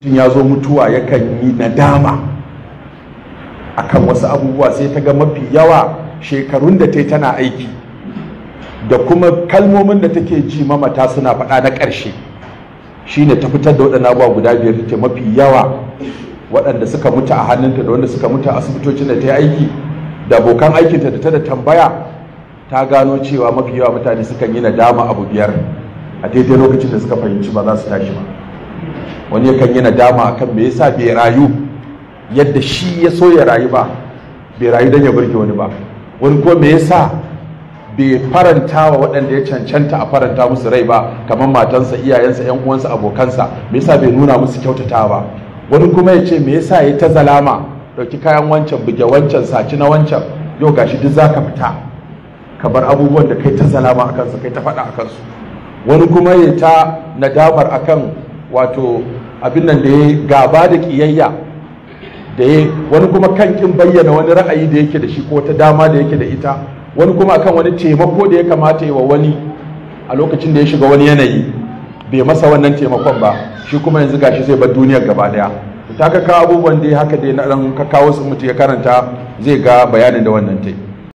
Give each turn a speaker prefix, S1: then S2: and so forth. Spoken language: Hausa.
S1: mutum ya zo mutuwa yakan yi nadama akan wasu abubuwa sai ta ga mafi yawa shekarun da ta yi tana aiki da kuma kalmomin da take ji mamata suna faɗa na ƙarshe ne ta fitar da waɗannan abubuwa guda biyar ta mafi yawa waɗanda suka mutu a hannunta da wanda suka mutu a asibitocin da ta yi aiki da abokan aikinta da ta da tambaya ta gano cewa mafi yawa mutane sukan yi nadama abu biyar a daidai lokacin da suka fahimci ba za su tashi ba wani kan yi nadama akan me yasa bai rayu yadda shi ya so ya rayu ba bai rayu don ya burge wani ba wani ko me yasa bai faranta wa waɗanda ya cancanta a faranta musu rai ba kamar matansa iyayensa yan uwansa abokansa me yasa bai nuna musu kyautata ba wani kuma ya ce me yasa ya ta zalama ɗauki kayan wancan buge wancan saci na wancan yau gashi duk za ka fita ka bar abubuwan da kai ta zalama akan su kai ta faɗa akan su wani kuma ya ta nadamar akan wato abin nan da ya gaba da kiyayya da ya wani kuma kan kin bayyana wani ra'ayi da yake da shi ko ta dama da yake da ita wani kuma akan wani taimako da ya kamata yi wa wani a lokacin da ya shiga wani yanayi bai masa wannan taimakon ba shi kuma yanzu gashi zai bar duniyar gaba daya ta ka kawo abubuwan da ya haka dai na ran ka kawo su mutu ya karanta zai ga bayanin da wannan tai